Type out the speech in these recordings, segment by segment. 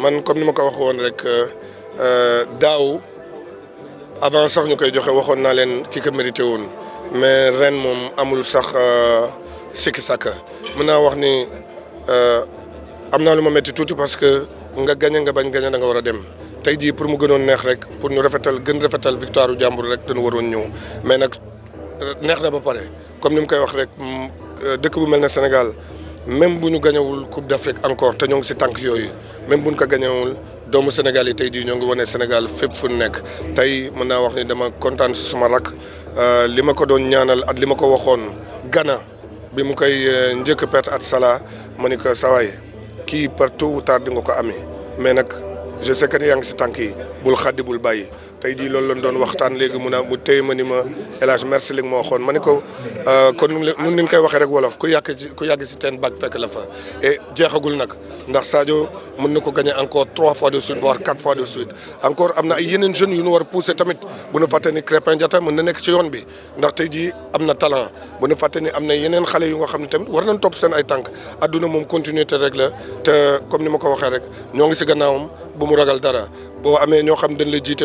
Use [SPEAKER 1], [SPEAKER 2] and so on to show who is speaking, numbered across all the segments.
[SPEAKER 1] man comme ni ma ko wax woon rek euh, euh, daaw avant sax ñu koy joxe waxoon naa leen ki ko mérité woon mais ren moom amul sax euh, sikki sàkka mën naa wax ni am naa lu ma métti tuuti parce que nga gañe nga bañ gañe da nga war a dem tey ji pour mu gënoon neex rek pour ñu rafetal gën rafetal victoire u jàmbur rek dañu waroon ñëw mais nag neex na ba pare comme ni mu koy wax rek mm, dëkk bu mel ne Sénégal même bu ñu gañawul Coupe d'Afrique encore te ñoo ngi si tànk yooyu même bu ñu ko gañawul doomu Sénégal yi tey jii ñoo ngi wanee Sénégal fépp fu nekk tey mën naa wax ni dama kontaan si suma rakk euh, li ma ko doon ñaanal at li ma ko waxoon Ghana bi mu koy euh, njëkk perte at Salah ma ni ko sawaay kii partout tard di nga ko amee mais nag je sais que ngi si tànk yi bul xaddi bul bàyyi. tey jii loolu lañ doon waxtaan léegi mu naa mu téye ma ni ma El Hadj merci li ma waxoon ma ni ko euh, kon nun niñ koy waxee rek wolof ku yàgg ku yàgg si teen bag fekk la fa et jeexagul nag ndax Sadio mën na ko gagné encore trois fois de suite voire quatre fois de suite encore am na ay yeneen jeunes yu ñu war a tamit bu ñu fàtte ni Crépin Diatta mën nekk ci yoon bi ndax te jii am na talent bu ñu fàtte ni am na yeneen xale yu nga xam ne tamit war nañ topp seen ay tànk adduna moom continuité rek la comme ni ma ko waxee rek ñoo ngi si gannaawam bu mu ragal dara boo amee ñoo xam dañ la jiite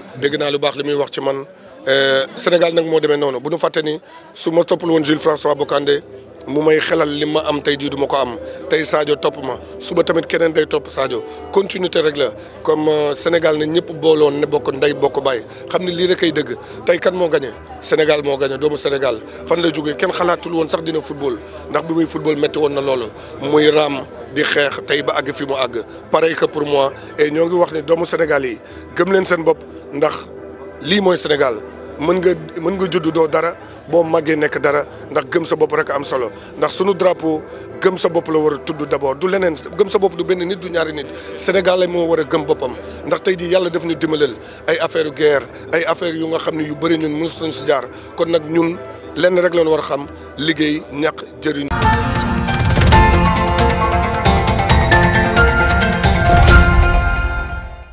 [SPEAKER 1] dégg naa lu baax li muy wax ci man euh, Sénégal nag moo demee noonu bu ñu fàtte ni su ma toppal woon Jules François Bocandé mu may xelal li ma am tey jii duma ko am tey Sadio topp ma suba tamit keneen day topp Sadio continuité rek la comme euh, Sénégal ne ñëpp booloon ne bokk ndey bokk bàyyi xam ne lii rek ay dëgg tey kan moo gagné Sénégal moo gagné doomu Sénégal fan la jógee kenn xalaatul woon sax dina football ndax bi muy football métti woon na loolu muy raam di xeex tey ba àgg fi mu àgg pareil que pour moi et ñoo ngi wax ne doomu Sénégal yi gëm leen seen bopp ndax lii mooy Sénégal. mën nga mën nga judd do dara bo magge nek dara ndax gëm sa bop rek am solo ndax sunu drapeau gëm sa bop la wara tuddu d'abord du lenen gëm sa bop du ben nit du ñaari nit sénégalais mo wara gëm bopam ndax tay di yalla def ñu dimbalal ay affaire guerre ay affaire yu nga xamni yu bari ñun jaar kon nak ñun lenn rek lañ war xam liggéey ñak jëriñ